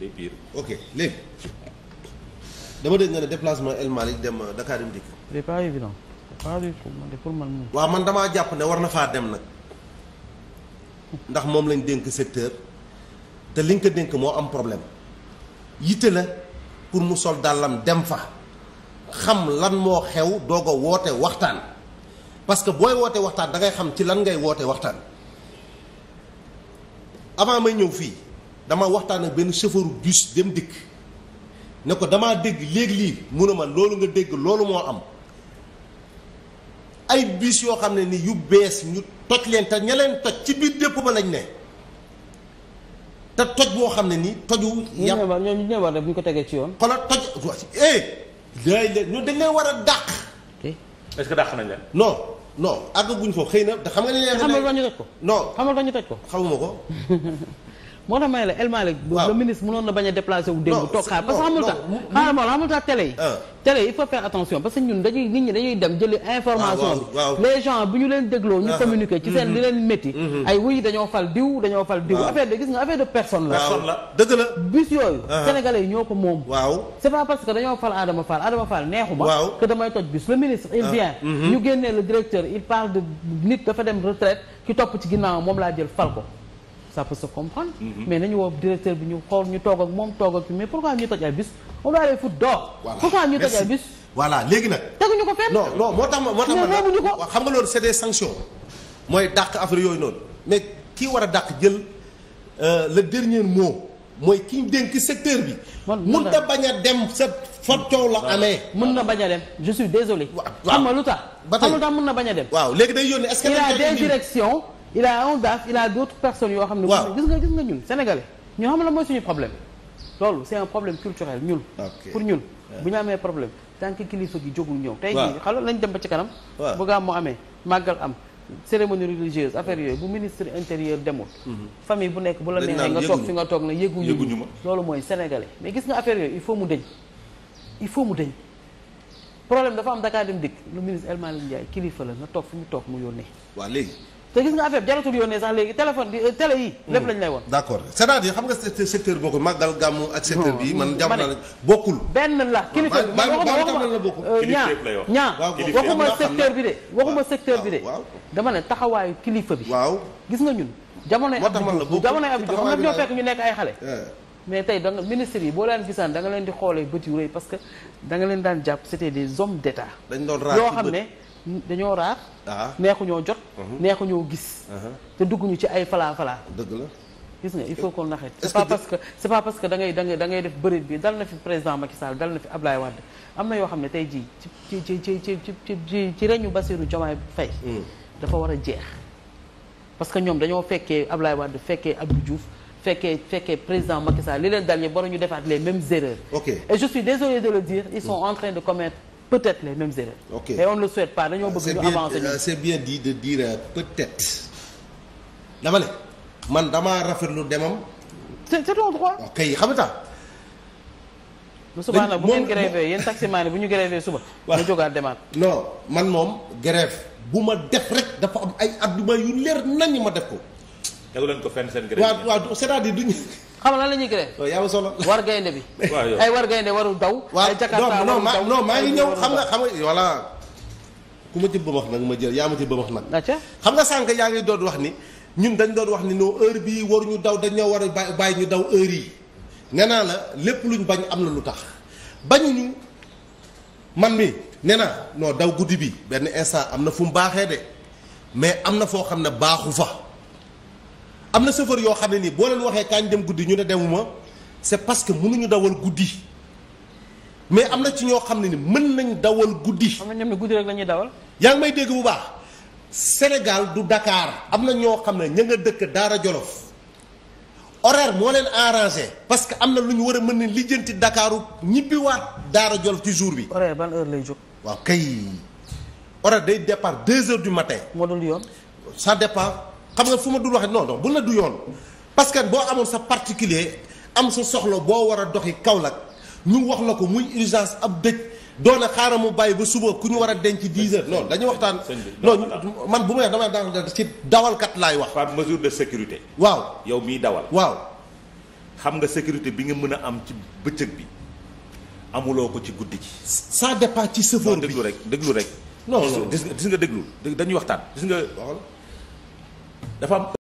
day ok léegi dama dégg nga ne déplacement El Malick dem Dakar dem dikk. c'est man moom. waaw man damaa jàpp ne war na faa dem nag ndax moom lañ dénk secteur te liñ ko dénk moo am problème yitte la pour mu sol dàllam dem fa xam lan moo xew doog woote waxtaan parce que booy woote waxtaan da ngay xam ci lan ngay woote waxtaan avant may ñëw fii. dama waxtaan ak benn chauffeur bus dem dikk ne ko damaa dégg léeg lii mu ma loolu nga dégg loolu moo am ay bus yoo xam ne ni yu bees ñu toj leen te ña leen toj ci biir dépp ba lañ ne te toj boo xam ne ni toju. yàq ñoom ñu war bu ñu ko tegee ci yoon. xoolal toj eh. daay ñu dañ leen war a dàq. est que dàq nañ leen. non non àggaguñ foofu xëy na te xam nga ne. xam nga ñu toj ko. non xam nga ko. xamuma ko. moo tax may la El Malick le ministre mënoon na bañ a déplacé wu démb toog xaar parce que xamul tax xaaral ma télé yi euh. télé yi ñi dañuy dem jëli information ah, bi les gens bu ñu leen dégloo ñu ah, communiquer ci seen mm-hmm. li leen métti mm-hmm. ay wuy dañoo fal diw dañoo fal diw affaire de gis nga affaire de personne la personne yooyu ah, sénégalais ñoo ko moom waaw pas parce que dañoo fal Adama Fall Adama Fall neexu ma que damay toj bis le ministre il vient mm-hmm. ñu génnee le directeur il parle nit dafa dem retraite ki topp ci ginnaaw moom laa jël fal ko sa peut se comprendre. Mm-hmm. mais nañu woo directeur bi ñu xool ñu toog ak moom toog ak mais pourquoi ñuy toj ay bus on doit aller foot dehors. voilà pourquoi ñuy toj ay bus. voilà léegi nag. teguñu ko fenn. non non moo tax ma moo tax ma xam nga loolu c'est des mooy dàq affaire yooyu noonu mais kii war a dàq jël euh, le dernier mot mooy ki dénk secteur bi. mën na bañ a dem sa fa coow la amee. mën na bañ dem je suis désolé. waaw xam nga lu xam nga lu tax mën na bañ a dem. waaw léegi day yónni est-ce que. il y a des il a un daaf il a d' yoo xam ne. waaw gis nga gis nga ñun sénégalais ñoo xam la mooy suñu problème loolu c' est un problème culturel ñun. pour ñun bu ñu amee problème tànk kilifa gi jógul ñëw. tey jii xam lañ dem ba ci kanam. waaw am mu amee màggal am. cérémonie religieuse affaire yooyu bu ministre intérieur demul. Mhm. famille bu nekk bu la neexee nga toog fi nga toog na yëguñu yëguñu ma loolu mooy sénégalais mais gis nga affaire yooyu il faut mu dëñ il faut mu dëñ problème dafa am Dakar dem dikk lu ministre El Malick kilifa la nga toog fi mu toog mu yónnee. waaw léegi te gis nga affaire jaratul yónnee sax léegi téléphone bi euh, télé yi. Hmm. lépp lañ lay woon. d' accord c' est à dire xam nga secteur boobu màggal gàmmu ak secteur bi hmm. man jàpp naa ne bokkul. benn la kilifa bi man waxuma waxuma waxuma secteur bi de. waxuma secteur bi de. dama ne taxawaayu kilifa bi. waaw gis nga ñun. jamono yi jamonoy Abdou Diouf xam nga ñoo fekk ñu nekk ay xale. Eh. mais tey danga ministre yi boo leen gisaan da nga leen di xoole bët yu rëy parce que da nga leen daan jàpp c' était des hommes d' état. dañ doon yoo ne dañoo raax. ah neexu ñoo jot. Mhm. neexu ñoo gis. Mhm. te dugg ñu ci ay falaa falaa. dëgg la. gis nga il faut qu'on arrête c'est pas que c'est pas parce que da ngay da ngay da def bërit bi dal na fi président Macky Sall dal na fi Ablaye Wade am na yoo xam ne tey jii ci ci ci ci ci ci ci reñu Bassirou Diomaye Faye mm. dafa war a jeex parce que ñoom dañoo fekkee Ablaye Wade fekkee Abdou Diouf fekkee fekkee président Macky Sall li leen dal ñu war ñu defaat les mêmes erreurs ok et je suis désolé peut-être les mêmes erreurs. ok mais on ne le souhaite pas dañoo bëgg ñu avancer. Euh, c'est bien dit de dire euh, peut dama ne man damaa rafetlu demam. c'est c'est ton droit. ok xam nga bu subaa nag bu ngeen grévé taximaan yi bu ñu grévé suba. waaw ñu jógaat demaat. non man moom grève bu ma def rek dafa am ay argument yu leer nañu ma def ko. tegu ko fenn seen grève. waaw waaw c'est-à-dire xam na lan la ñuy créé. yaa solo. war gaynde bi. ay war gaynde waru daw. ay jakarta non non maa ngi ñëw xam nga xam nga voilà. ku ma ci bëmax nag ma jël yaa ma ci bëmax nag. xam nga sànq yaa ngi doon wax ni ñun dañ doon wax ni non heure bii waruñu daw dañ ñoo war a bàyyi ñu daw heure yi nee naa la lépp luñ bañ am na lu tax bañuñu man mi nee naa non daw guddi bi benn instant am na fu mu baaxee de mais am na foo xam ne baaxu fa. am na chauffeur yoo xam ne nii boo leen waxee kañ dem guddi ñu ne demuma c'est parce que mënuñu dawal guddi mais am na ci ñoo xam ne ni mën nañ dawal guddi. am na ñoom ne rek la ñuy dawal. yaa ngi may dégg bu baax Sénégal du Dakar am na ñoo xam ne ñu nga dëkk Daara Jolof horaire moo leen arrangé parce que am na lu ñu war a mën a lijjanti Dakaaru ñibbiwaat Daara Jolof ci jour bi. horaire ban heure lay jóg. waaw kay horaire day départ deux heures du matin. moo dul yoon. ça dépend. xam nga fu ma dul waxee non bu la du yoon parce que boo amoon sa particulier am sa soxla boo war a doxi Kaolack ñu wax la ko muy urgence ab dëj doona xaaral mu bàyyi ba suba ku ñu war a denc 10 heures non dañuy waxtaan non man bu ma wax dama daan ci dawalkat laay wax par mesure de sécurité waaw yow miy dawal waaw xam nga sécurité bi nga mën a am ci bëccëg bi amuloo ko ci guddi ci ça dépend ci chauffeur bi déglu rek déglu rek non gis nga déglu dañuy waxtaan gis nga dafa